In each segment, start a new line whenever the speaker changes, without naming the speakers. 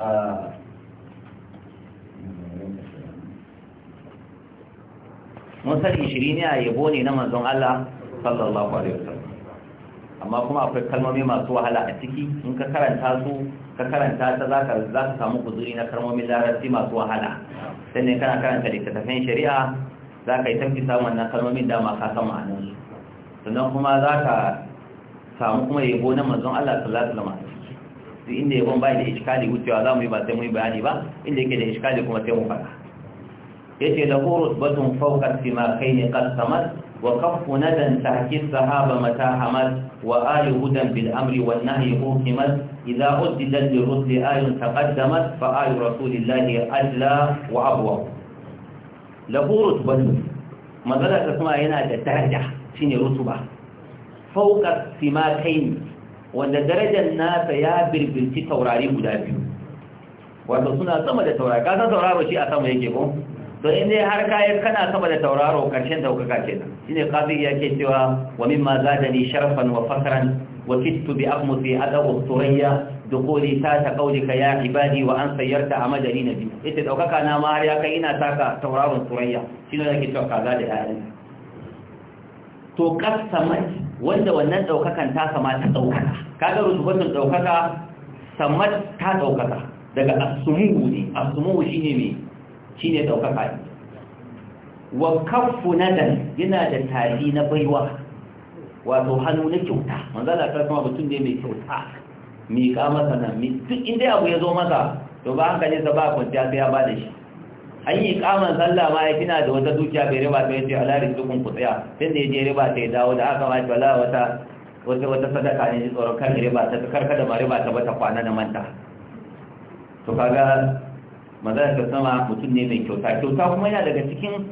Ah. mun san ne a yabo ne na manzon Allah sallallahu alaihi wasallam amma kuma akwai kalmomi masu wahala a ciki in ka karanta su ka karanta ta za ka samu kuzuri na kalmomin larabci masu wahala sai ne kana karanta littattafan shari'a za ka yi tafi samun na kalmomin dama ka san ma'anar sannan kuma za ka samu kuma yabo na manzon Allah sallallahu alaihi wasallam duk inda ya bai da ishikali wucewa za mu yi ba sai mu yi bayani ba inda yake da ishikali kuma sai mu faɗa yace da hurus batun faukar simakai ne samat wa kaffu nadan tahki sahaba mata Hamas, wa ayu hudan bil amri wan nahyi hukimat idza uddidat li rusli ayun taqaddamat fa ayu rasulillahi adla wa abwa lahu batun, magana ta kuma yana da daraja shine rutuba fawqa simakain wanda darajar nasa ya birbirci taurari guda biyu wato suna sama da taurari kasan tauraro shi a sama yake ko to inda har kayan kana sama da tauraro karshen daukaka ce ne kafin ya ke cewa wa mimma ni sharafan wa fasaran wa kittu bi aqmusi adabu turayya dukuli ta ta ka ya ibadi wa an sayar sayyarta na biyu. ita daukaka na ma har ya kai ina taka tauraron turayya shine ke cewa kaza da yayin to mai. wanda wannan ɗaukakan ta sama ta ɗaukaka kaga rutubatun ɗaukaka samar ta ɗaukaka daga asumuhu ne asumuhu shi ne shi ɗaukaka ne wa kafu nadan yana da tari na baiwa wato hannu na kyauta da ta kuma mutum ne mai kyauta mai kama sanan duk inda abu ya zo masa to ba hankali sa ba kwanciya sai ya ba da shi an yi kaman sallah ma ya kina da wata dukiya bai riba ta yace ala dukun ku tsaya sai da yaje riba ta dawo da aka wace, wala wata wata wata sadaka ne tsoron kan riba ta karka da ma riba ta bata kwana da manta to kaga magana ta sama mutum ne mai kyauta kyauta kuma yana daga cikin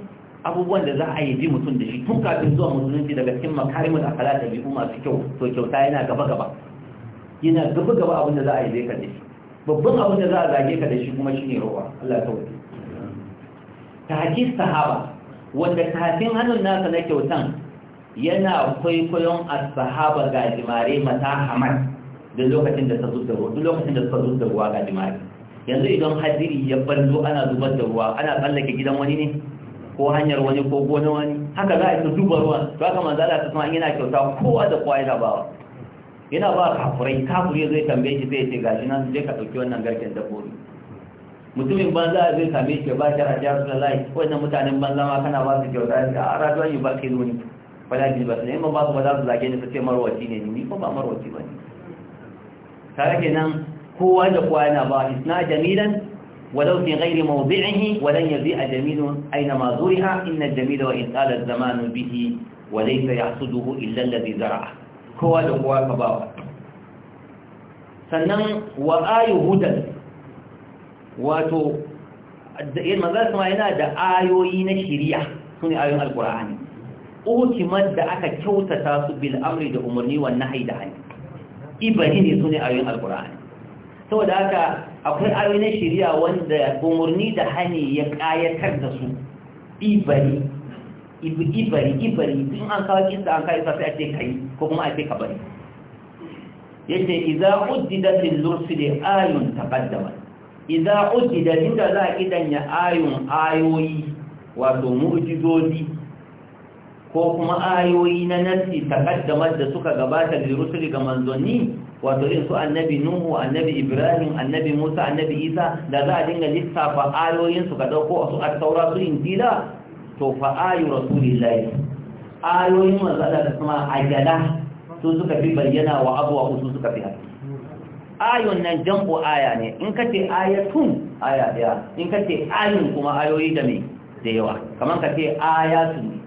abubuwan da za a yi bi mutum da shi tun kafin zuwa musulunci daga cikin makarimul akhlaq da bi'u masu kyau to kyauta yana gaba gaba yana gaba gaba abin da za a yi zai ka da shi babban abin da za a zage ka da shi kuma shine rowa Allah ya tabbata taji sahaba wanda kafin hannun nasa na kyautan yana kwaikwayon a sahaba ga jimare mata hamar da lokacin da ta zub ruwa lokacin ga jimare yanzu idan hadiri ya ballo ana zubar da ruwa ana tsallake gidan wani ne ko hanyar wani ko gona wani haka za a yi duba ruwa, to haka manzo Allah ta san yana kyauta kowa da kowa yana bawa yana ba kafurai kafurai zai tambaye shi zai ce gashi nan je ka dauki wannan garken dabbobi mutumin banza zai kame shi ba shi rajiya suna lai wannan mutanen banza ma kana ba su kyauta a rajuwa yi ba kai nuni wala ji ba su ne ba su ba za su zage ni su ce marwaci ne ni ko ba marwaci ba ne tare nan, kowa da kowa yana ba isna jamilan ولو في غير موضعه ولن يبيع جميل أينما زرع إن الجميل وإن قال الزمان به وليس يحصده إلا kowa da kowa ka فباوة sannan wa ayu hudan wato manzan sama yana da ayoyi na shiriya su ne ayoyin alkur'ani ultimar da aka kyautata su bil amri da umarni wa nahyi da hani ibani ne su ne ayoyin alkur'ani saboda haka akwai ayoyi na shiriya wanda umarni da hani ya kayatar da su ibani ibari ibari in an kawo kinsa an kawo safi a ce kai ko kuma a ce ka bari yace idza uddida ayon lursi da taqaddama idza da inda za a idanya ayon ayoyi wato mu'jizozi ko kuma ayoyi na nasi takaddamar da suka gabata da rusuli ga manzoni wato in su annabi nuhu annabi ibrahim annabi musa annabi isa da za a dinga lissafa ayoyin su ka dauko su a taura su injila to fa ayu rasulillahi ayoyin manzo Allah da kuma ajala su suka fi bayyana wa abuwa su suka fi haske ayon nan jambo aya ne in ka ce ayatun aya daya in ka ce ayin kuma ayoyi da mai da yawa kamar ka ce ayatun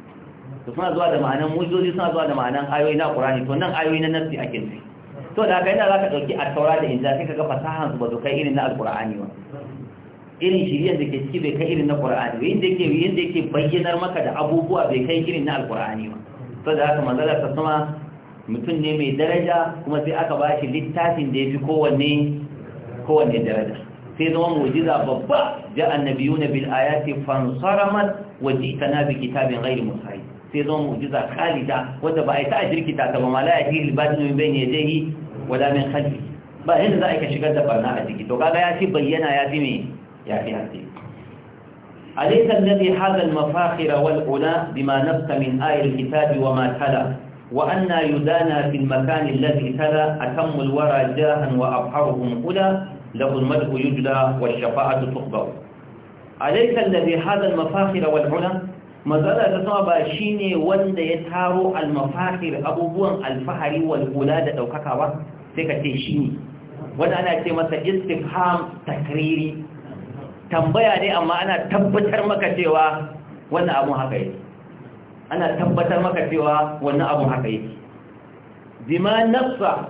to suna zuwa da ma'anan mujoji suna zuwa da ma'anan ayoyi na ƙurani to nan ayoyi na nafsi ake ne. to da kai yana za ka ɗauki a taura da inda sai ka ga fasahan su ba su kai irin na alƙur'ani ba irin shiriyar da ke ciki bai kai irin na ƙur'ani ba inda yake yadda yake bayyanar maka da abubuwa bai kai irin na alƙur'ani ba to da haka manzala ta sama mutum ne mai daraja kuma sai aka ba shi littafin da ya fi kowanne daraja sai zama mujiza babba ja annabiyuna bil ayati fansaramat wajitana bi kitabin ghairi musahib sai zama mujiza khalida wanda ba a ta jirkita ta ba mala ya jiri badin min bayni yadayhi wala min khalfi ba yanda za a ka shigar da barna a jiki, to kaga ya ci bayyana ya fi me ya fi haske أليس الذي هذا المفاخر والعلا بما min من آية الكتاب وما تلا وأن يدانا في المكان الذي تلا أتم الورى جاها وأبحرهم هدى له المدح يجلى والشفاعة تقبل أليس الذي هذا المفاخر والعلا مزالة تصاب شيني وند يتارو المفاخر أبو بوان الفهري والولادة أو كاكاوا سيكتي شيني wanda ana ce masa istifham takriri tambaya ne amma ana tabbatar maka cewa wannan abun haka yake ana tabbatar maka cewa wannan abun haka yake bima nafsa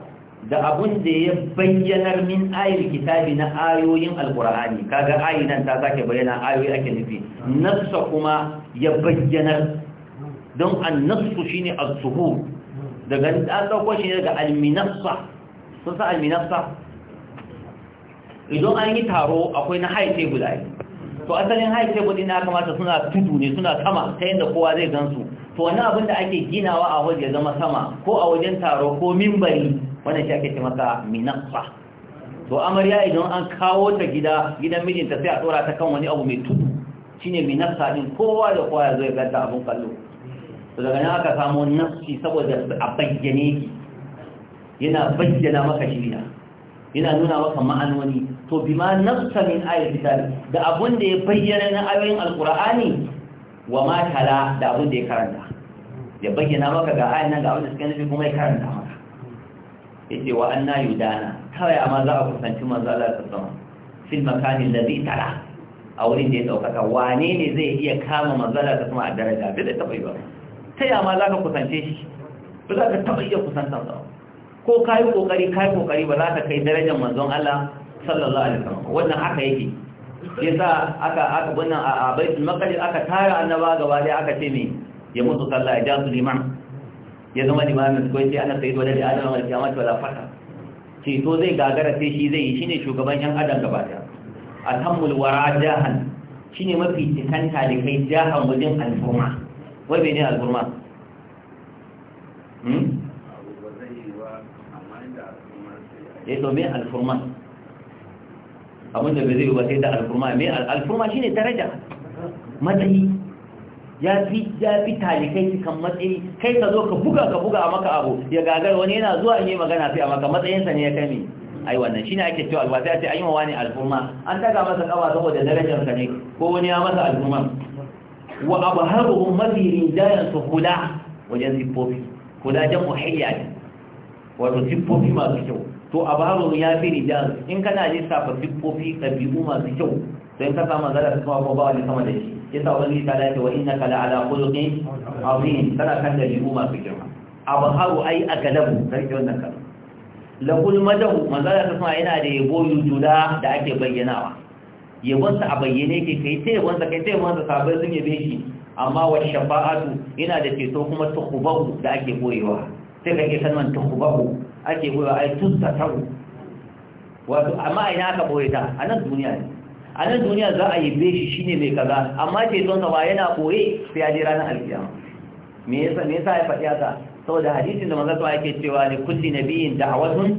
da abun da ya bayyanar min ayil kitabi na ayoyin alkur'ani kaga ayi nan ta zake bayyana ayoyi ake nufi nafsa kuma ya bayyanar don annafsu shine az-zuhur daga an dauko shi daga alminafsa, sun sa idan an yi taro akwai na haife guda to asalin high table din ya kamata suna tudu ne suna sama ta yadda kowa zai gansu to wani abin da ake ginawa a waje zama sama ko a wajen taro ko mimbari wannan shi ake ce masa minaqqa to amarya idan an kawo ta gida gidan mijinta sai a tsora ta kan wani abu mai tudu shine minaqqa din kowa da kowa ya zo ya ganta abun kallo to daga nan aka samu nafsi saboda a bayyane yana bayyana maka shirya yana nuna maka ma'anoni to bima nafsa min ayati da abun da ya bayyana na ayoyin alqur'ani wa ma tala da abun da ya karanta ya bayyana maka ga ayoyin nan ga abun da suke nufi kuma ya karanta maka yace wa anna yudana kawai amma za a kusanci manzo Allah ta sama fil makani alladhi tala a wurin da ya daukaka wane ne zai iya kama manzo Allah ta sama a daraja bai da taba yi ba ya amma za ka kusance shi ba za ka taba iya kusantar sa ko kai kokari kai kokari ba za ka kai darajar manzon Allah sallallahu alaihi wasallam wannan haka yake yasa aka aka wannan a baitul maqdis aka tara annaba gaba dai aka ce me ya mutu sallah alaihi wasallam liman ya zama limamin ko sai ana sayi dole da adam wal kiyamati wala fata ce to zai gagara sai shi zai yi shine shugaban yan adam gaba daya atammul warajahan jahan shine mafi da kai jahan wajen al'umma wai bene al'umma hmm eh to me al'umma abin da bai zai ba sai da alfurma mai alfurma ne daraja matsayi ya fi ya talikai cikin matsayi kai ka zo ka buga ka buga a maka abu ya gagar wani yana zuwa in yi magana sai a maka matsayinsa ne ya kai ne ai wannan shine ake cewa alwa sai a ce an yi wa wani alfurma an daga masa kawa saboda darajarsa ne ko wani ya masa alfurma wa abharuhum mafi rinjayan su hula wajen siffofi hula jan muhayya wato siffofi masu kyau to a barun ya fi rijal in kana safa lissafa siffofi ɗabi'u masu kyau sai in ka samu zara su kuma ba wani sama da shi ya sa wani ta lafi wa inna kala ala kulukin azim tana kan ɗabi'u masu girma a haru ai a galabu sarki wannan kan kul madahu manzara ta kuma yana da yabo yujuda da ake bayyanawa yabonsa a bayyane ke kai ta yabonsa kai ta yabonsa sabai sun yabe shi amma wa shafa'atu yana da ceto kuma tukubahu da ake boyewa sai ka ke tukubahu ake goya ai tusta taru wato amma ina aka boye ta a nan duniya ne a nan duniya za a yi beshi shine mai kaza amma ce don ba yana boye sai ya je ranar alkiyama me yasa me yasa ya faɗi haka saboda hadisin da manzo yake cewa ne kulli nabiyin da'awatun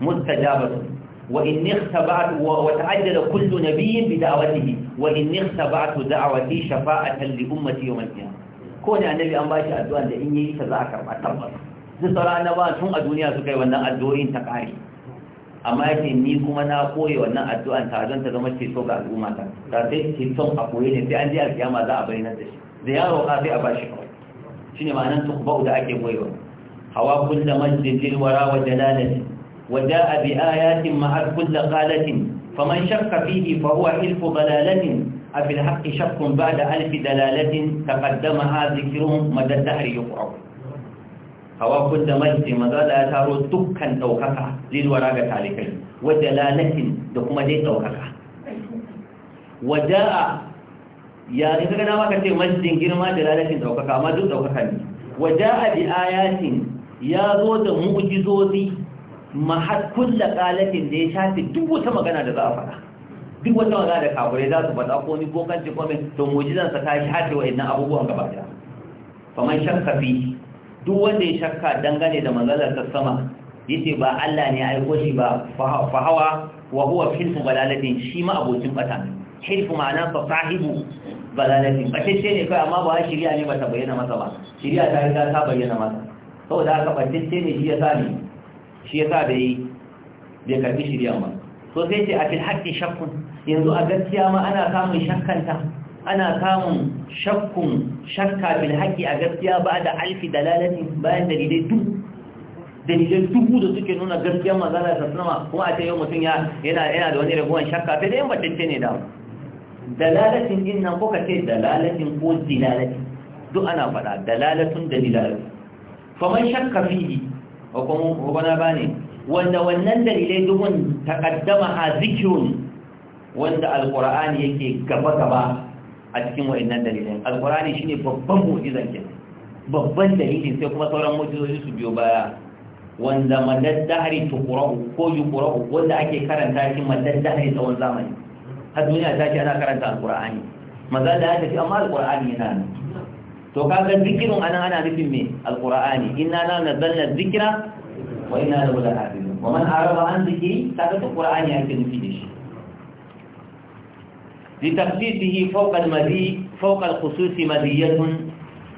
mustajabatun wa inni ikhtaba'tu wa ta'ajjala kullu nabiyyin bi da'awatihi wa inni ikhtaba'tu da'awati shafa'atan li ummati yawm al-qiyamah ko ne annabi an bashi addu'a da in yi ta za a karba tabbas. duk na ba tun a duniya suka wannan addu'o'in ta kare amma ya ce ni kuma na koya wannan addu'an ta don ta zama ceto ga al'umma ta ta sai ceton a koyi ne sai an je a kiyama za a nan da shi da yaro ka sai a bashi kawai shine ma'anar tukba'u da ake koyewa hawa kulla majjil wara wa jalalati wa a bi ayatin ma'ar kulla qalatin faman shakka fihi fa huwa ilfu ba da alfi da بعد ألف دلالة تقدمها ذكرهم مدى الدهر يقرأ hawa kun da mai maza da ya taro dukkan ɗaukaka lilwara ga talikai wadda lalatin da kuma dai ɗaukaka waja'a ya in ta gana maka ce masjidin girma da lalatin ɗaukaka amma duk ɗaukaka ne waja'a bi ayatin ya zo da mu'jizozi mahad kulla qalatin da ya shafi duk wata magana da za a faɗa duk wata magana da kafirai za su faɗa ko ni ko kan ko mai to mu'jizansa ta shafe wa'annan abubuwan gaba ɗaya faman shakka fi duk wanda ya shakka dangane da manzalar ta sama yace ba Allah ne aiko shi ba fa hawa wa huwa hilfu balalatin shi ma abokin bata hilfu ma'ana fa sahibu balalatin Ba ce ne kai amma ba shiriya ne bata bayyana masa ba shiriya ta riga ta bayyana masa saboda haka ba ce ne shi ya sa ne shi ya sa bai bai karbi shiriya ba so sai ce a fil haqqi shakkun yanzu a gaskiya ma ana samun shakkanta ana kamun shakkun shakka bil haƙi a gaskiya ba da alfi dalalati bayan dalilai duk dalilai dubu da suke nuna gaskiya mazala da sassanama kuma a ce yau mutum yana yana da wani raguwan shakka sai da yin batacce ne da dalalatin din nan ko ka ce dalalatin ko dilalatin duk ana faɗa dalalatun da dilalatin faman shakka fihi wa kuma wani ba ne wanda wannan dalilai dubun taƙaddama a zikirun wanda alƙur'ani yake gaba-gaba a cikin wa'annan dalilin alkurani shine babban mu'jizan kin babban dalilin sai kuma sauran mu'jizoji su biyo baya wanda madad dahri tuqra'u ko yuqra'u wanda ake karanta shi madad dahri tsawon zamani har duniya ta ce ana karanta alkurani maza da ya tafi amma alkurani yana nan to kaga zikirin anan ana nufin me alkurani inna la nazzalna dhikra wa inna lahu lahafizun wa man arada an dhikri kaga to qur'ani yake nufi da shi لتخصيصه فوق المذي فوق الخصوص مذية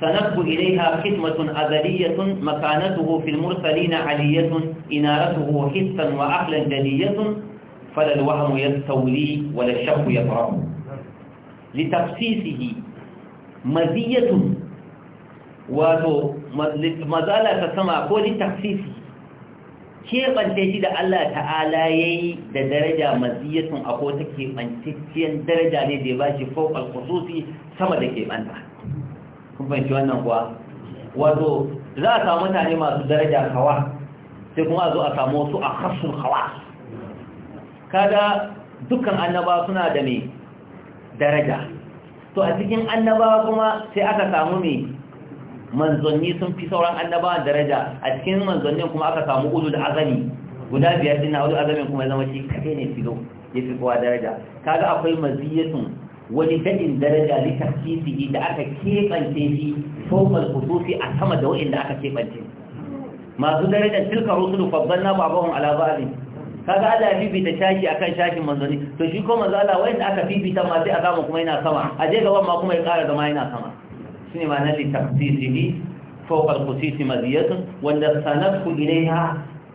سنقب إليها حكمة أزلية مكانته في المرسلين علية إنارته حسا وعقلا جلية فلا الوهم يستولي ولا الشك يضرب لتخصيصه مذية ومزالة سما قول تخصيصه keɓance shi da Allah ta'ala ya yi da daraja maziyatun a kota keɓantacciyar daraja ne da ya ba shi fokal kususi sama da keɓanta kun fahimci wannan kuwa wato za a samu mutane masu daraja hawa sai kuma a zo a samu wasu a harsun hawa kada dukkan annaba suna da mai daraja to a cikin annaba kuma sai aka samu mai manzanni sun fi sauran annabawan daraja a cikin manzannin kuma aka samu da azami guda biyar din na ulul azamin kuma ya zama shi kadai ne filo ya fi kowa daraja kaga akwai maziyatun wani dadin daraja li da aka kebance shi fawqal khususi a sama da wa'inda aka kebance masu darajar tilka rusulu babban ba'dahum ala ba'd kaga Allah ya bibita shashi akan shashin manzanni to shi ko manzo Allah da aka bibita ma sai a samu kuma yana sama a je gaban ma kuma ya kara zama yana sama shine ma'anar li taqsisihi fawqa al-qusis madiyatun wanda sanadku ilayha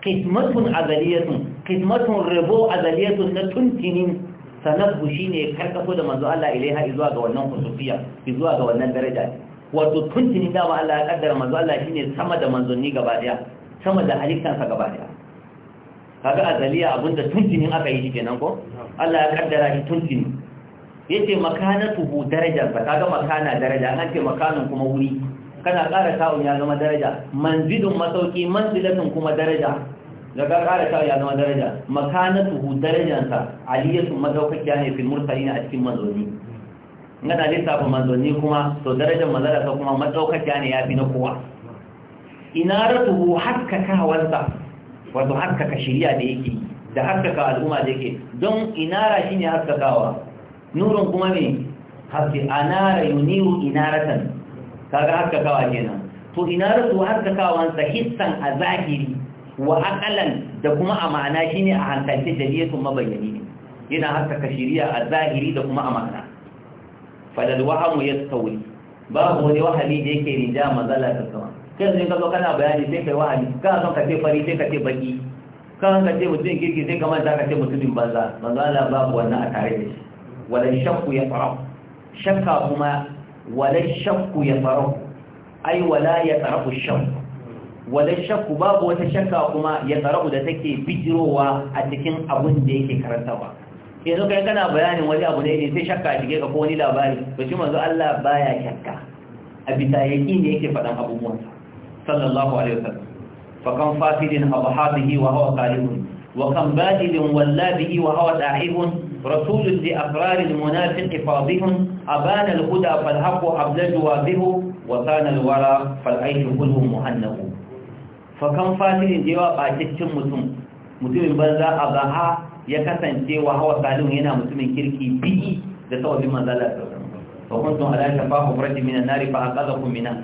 qismatun azaliyatun qismatun rabu azaliyatun na tuntinin sanadku shine karkato da manzo Allah ilayha zuwa ga wannan khususiyya zuwa ga wannan daraja wato tuntinin da ba Allah ya kaddara manzo Allah shine sama da manzonni gaba daya sama da halittansa gaba daya kaga azaliya abinda tuntinin aka yi shi kenan ko Allah ya kaddara shi tuntinin yace makanatuhu darajar ba ga makana daraja an ce makanin kuma wuri kana ƙara ta'un ya zama daraja manzilun masauki manzilatun kuma daraja daga ƙara ta'un ya zama daraja makanatuhu darajansa aliyatu madaukakiya ne fil mursalina a cikin manzoni ngana lissafa manzoni kuma to darajar manzala ta kuma madaukakiya ne ya fi na kowa inaratuhu haskaka wansa wato haskaka shari'a da yake da haskaka al'umma da yake don inara shine haskakawa Nurin kuma ne haske anara yuniru inaratan kaga haskakawa kenan to inaratu haskakawan sa hissan a zahiri wa aqalan da kuma a ma'ana shine a hankalce dalilin mabayyani ne yana haskaka shiriya a zahiri da kuma a ma'ana falal wahamu yastawi babu wani wahali da yake rija mazala ta sama kai ne ka zo kana bayani sai kai wahali ka son ka ce fari sai ka ce baki kan ka ce mutum kirki sai kamar za ka ce mutumin banza banza babu wannan a tare da shi walai ya tsarau shakka kuma ya tsarau ai ya tsarau shakku walai babu wata shakka kuma ya tsarau da take bijirowa a cikin abin da yake karantawa yanzu kai kana bayanin wani abu ne ne sai shakka a shige ka ko wani labari Ba shi manzo Allah baya shakka a bisa yaki ne yake faɗan abubuwansa sallallahu alaihi wasallam fa kan fasidin abahabihi wa huwa qalibun wa kan badilin wallabihi wa huwa da'ibun رسول لأبرار المنافق فاضح أبان الهدى فالحق أبلج واضح وكان الورى فالعيش كله مهنه فكم فاتل جواب أتكتم متم متم بلغا أبها يكسن جوا هو سالون هنا متم كركي بي لسوى بما ذلك فكنتم على شفاه فرج من النار فأقذكم منها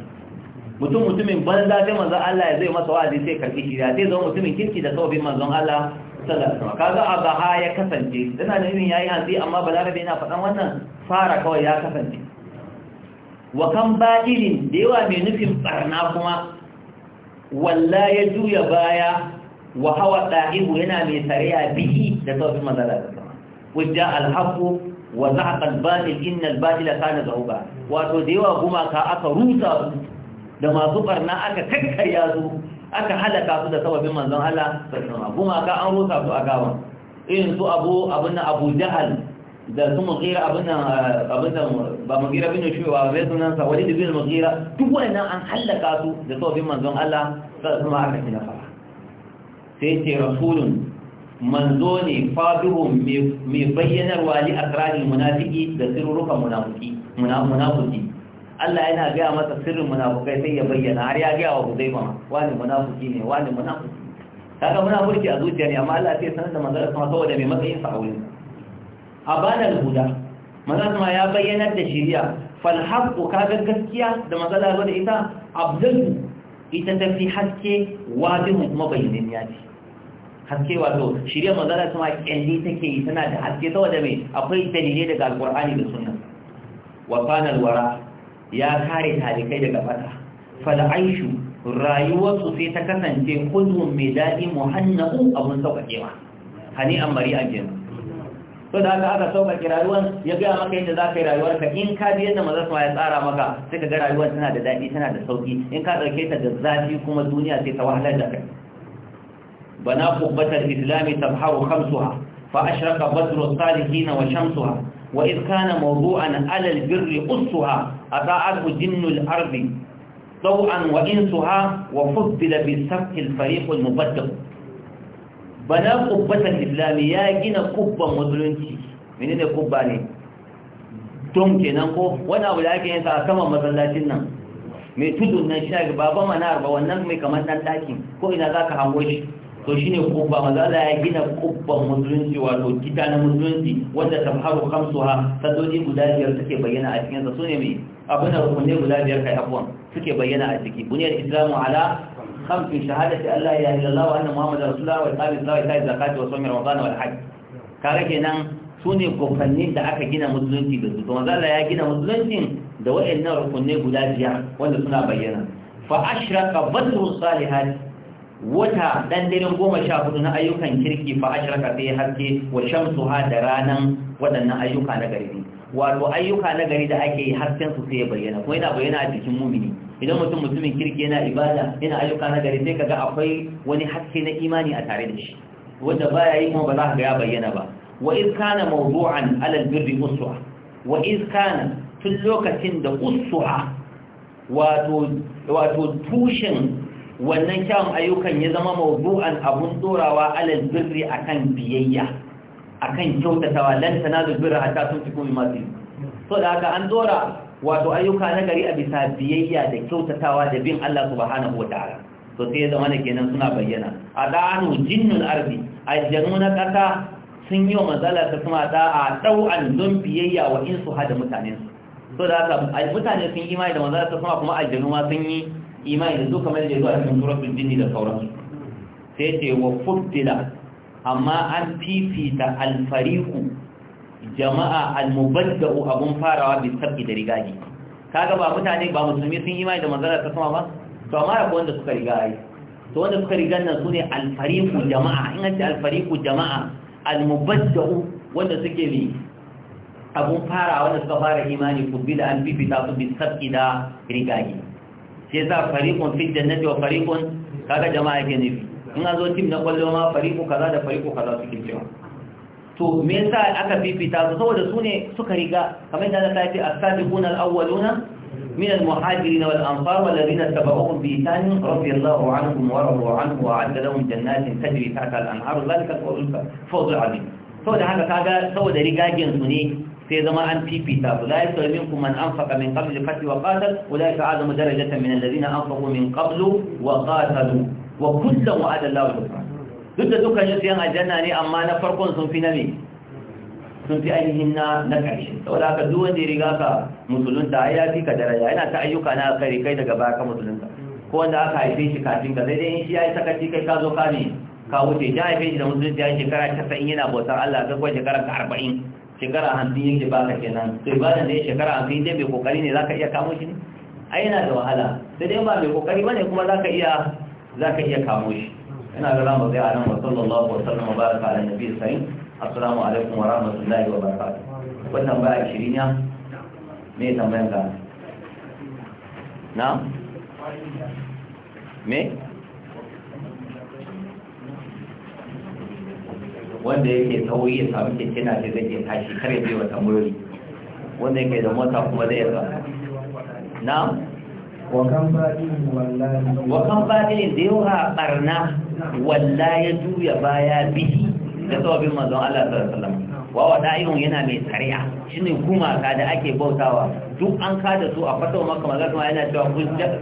mutum mutumin banza sai manzon Allah ya zai masa wa'azi sai karbi shi da sai zama mutumin kirki da kawai manzon Allah sallallahu alaihi kaga abaha ya kasance ina da ya yi hanzi amma balarabe yana faɗan wannan fara kawai ya kasance wa kan batilin da yawa mai nufin barna kuma walla ya juya baya wa hawa da'ibu yana mai sariya bihi da tawfin mazala da sama wajja alhaqu wa zahaqa albatil innal batila kana wato da yawa gumaka aka rusa da masu barna aka kakkarya su aka halaka su da sababin manzon Allah sallallahu kuma ka an rusa su a gawan irin su abu abin nan abu jahal da su mugira abin nan eh, abin nan ba mugira bin shuwa ba bai sunan sa da bin mugira duk wannan an halaka su da sababin manzon Allah sallallahu alaihi wasallam aka fara sai ce rasulun manzo ne fadihun mai bayyanarwa li asrarul munafiki da sirrukan munafiki munafiki Allah yana gaya masa sirrin munafukai sai ya bayyana har ya gaya wa Huzaifa wani munafuki ne wani munafuki kaga munafurci a zuciya ne amma Allah sai sanar da manzon kuma saboda mai matsayin sa a wurin abana al-huda manzon sama ya bayyana da shiriya fal haqqu kaga gaskiya da manzon Allah da ita abdul ita ta fi haske wadin kuma bayyana ya ce haske wato shiriya manzon Allah kuma kyalle take yi tana da haske saboda mai akwai dalile daga alqur'ani da sunna wa kana al-wara ya kare talikai daga fata fal'aishu rayuwarsu sai ta kasance kudu mai daɗi muhannaku abun sauƙaƙewa hani an bari an jin so da haka aka sauƙaƙe rayuwar ya gaya maka yadda za ka yi rayuwarka in ka bi yadda maza ya tsara maka sai ka ga rayuwar tana da daɗi tana da sauƙi in ka ɗauke ta da zafi kuma duniya sai ta wahalar da kai bana kubbatar islami tabharu khamsuha fa ashraka badru salihin wa shamsuha wa idh kana mawdu'an ala birri usuha أضاءته جن الأرض طوعا وإنسها وفضل بالسفح الفريق المبدل بنا قبة الإسلامية جنا قبة مدلنتي من هنا قبة لي تم كنانكو وانا أولاك ينسى أسمى masallacin nan. mai tudun nan shi baba manar ba wannan mai kamar nan ɗakin ko ina za ka hango shi to shi ne kubba mazala ya gina kubban musulunci wato gida na musulunci wanda tabharu ha? sadoji guda biyar take bayyana a cikinsa su ne mai abin da rukunai guda biyar kai abuwan suke bayyana a ciki buniyar islamu ala khamsin shahadati Allah ya yi lallawa annan Muhammadu muhammadar rasulullah wa iqamis ta yi zakati wa sawmi ramadan wal hajj Kare kenan su ne kofanni da aka gina musulunci da su to manzo ya gina musulunci da waɗannan rukunai guda biyar wanda suna bayyana fa ashraka badru salihat wata goma sha hudu na ayyukan kirki fa ka sai haske wa shamsu ha da ranan waɗannan ayyuka na gari ne wato ayyuka na gari da ake yi har sai su sai bayyana kuma yana bayyana a jikin mumini idan mutum mutumin kirki yana ibada yana ayyuka na gari sai kaga akwai wani haske na imani a tare da shi wanda baya yi kuma ba za ka ga ya bayyana ba wa iz kana mawdu'an alal birri uswa wa iz kana tun lokacin da uswa wato wato tushen wannan kyawun ayyukan ya zama mawdu'an abun dorawa alal birri akan biyayya akan kyautatawa lan tanazu birra hatta tunfiqu masu yi. so da haka an dora wato ayyuka na gari a bisa biyayya da kyautatawa da bin Allah subhanahu ta'ala. to sai zama ne kenan suna bayyana adanu jinnul ardi aljanu na kasa sun yi wa matsala ta kuma da'a dau'an don biyayya wa insu hada mutanen su so da haka mutane sun yi mai da matsala ta kuma kuma aljanu ma sun yi imani da su kamar da zuwa cikin suratul jinni da sauransu sai ce wa fuftila amma an fifita alfariku jama'a almubadda'u abun farawa bi sabbi da rigaji kaga ba mutane ba musulmi sun yi mai da manzara ta sama ba to amma akwai wanda suka riga ai to wanda suka riga nan sune alfariku jama'a in an ce alfariku jama'a almubadda'u wanda suke bi abun farawa wanda suka fara imani ku bi da an fifita su bi sabbi da rigaji sai za fariqun fi jannati wa fariqun kaga jama'a ke nufi in a zo tim na kwallo ma fariku kaza da fariku kaza suke cewa to me yasa aka fifita su saboda su ne suka riga kamar yadda ta ce as-sabiquna al-awwaluna min al-muhajirin wal ansar wal ladina tabauhum bi ihsan radiyallahu anhum wa radu anhu wa a'adda lahum jannatin tajri tahta al-anhar dhalika al-fawzul 'azim saboda haka kaga saboda rigagin su ne sai zama an fifita su la yasawi minkum man anfaqa min qabli fati wa qatal ulaika a'zamu darajatan min alladhina anfaqu min qablu wa qatalu wa kullum wa Allah al duk da dukkan su yan aljanna ne amma na farkon sun fi na ne, sun fi ainihin na na ƙarshe saboda haka duk wanda ya riga ka musulunta ya fi ka daraja yana ta ayyuka na kare kai daga baya ka musulunta ko wanda aka haife shi kafin ka sai dai in shi ya yi sakaci kai ka zo ka ne ka wuce ya haife shi da musulunci ya yi shekara casa'in yana bautar Allah ga kuwa shekara ta arba'in shekara hamsin yake baka kenan to ibadan da ya shekara hamsin dai mai kokari ne za ka iya kamo shi ne ai yana da wahala sai dai ba mai kokari bane kuma za ka iya za ka iya kamo shi ina ga ramu zai anan wa sallallahu wa sallam wa baraka ala nabi sai assalamu alaikum wa rahmatullahi wa barakatuh wannan ba 20 ne me tambayan ka na me wanda yake tsawoyi ya samu keke na ce zai iya tashi kare bai wa tamurori wanda yake da mota kuma zai yasa na
wakan fadilin da
yawa barna walla ya juya baya bihi da sababin mazan Allah sallallahu wa wada ihun yana mai tsariya shine gumaka da ake bautawa duk an kada su a fatawa maka magana kuma yana cewa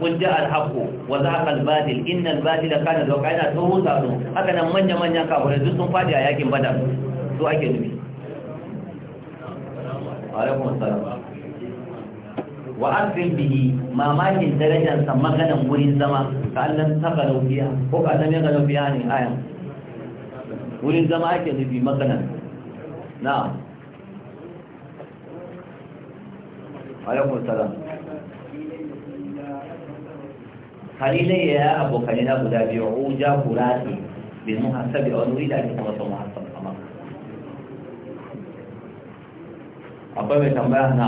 kun ja alhaqu wa zaqa albadil innal albadil kana da kana to huta su haka nan manya manya kafirai duk sun fadi a yakin badar su ake nufi
alaikum assalam
wa akfil bihi mamakin darajarsa maganan wurin zama ka allan ta galaubiya ko ka zama galaubiya ne ayan wurin zama ake nufi maganan na
alaikun salam
halilai ya abokanai na guda biyu uja kurati bin muhasabi a wani wuri da ake kuma son muhasabi a maka akwai mai tambaya na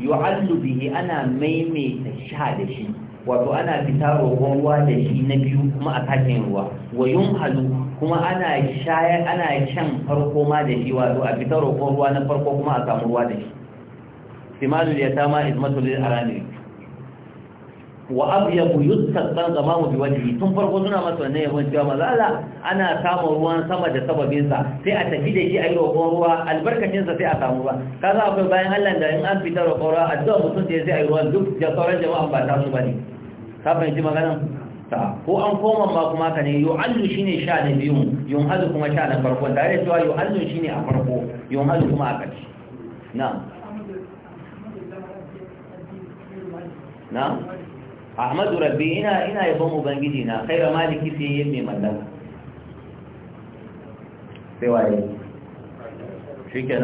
yu'allu bihi ana maimaita sha da shi wato ana fita roƙon ruwa da shi na biyu kuma a kashin ruwa wa yunhalu kuma ana shayar ana shan farko ma da shi wato a fita roƙon ruwa na farko kuma a samu ruwa da shi simalul yatama izmatul arani wa abyabu yustaqbal zamamu bi wajhi tun farko suna masa wannan yabon cewa mazala ana samun ruwan sama da sababin sa sai a tafi da shi ayi roƙon ruwa albarkacin sa sai a samu ba kaza akwai bayan Allah da in an fita roƙon ruwa addu'a mutum sai a yi ruwan duk da sauran jama'a ba ta su bane ka fahimci maganar ta ko an koma ma kuma ka ne yu'allu shine sha da biyu yu'allu kuma sha na farko tare da cewa yu'allu shine a farko yu'allu kuma a ƙarshe na'am na'am أحمد ربي إنا إنا يبوم ubangiji خير khaira maliki fi yin mai mallaka sai waye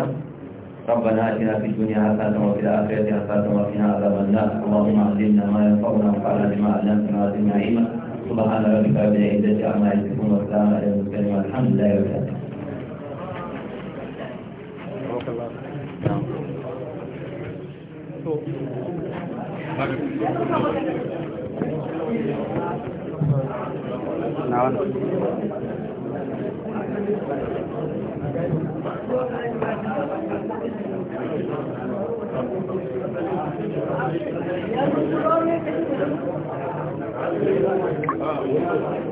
ربنا اتنا في الدنيا حسنه وفي الاخره حسنه وقنا عذاب النار اللهم علمنا ما ينفعنا وانفعنا بما علمتنا وزدنا علما سبحان ربك رب العزه عما يصفون والسلام على المرسلين والحمد لله
رب العالمين Thank you. Naona. Thank you.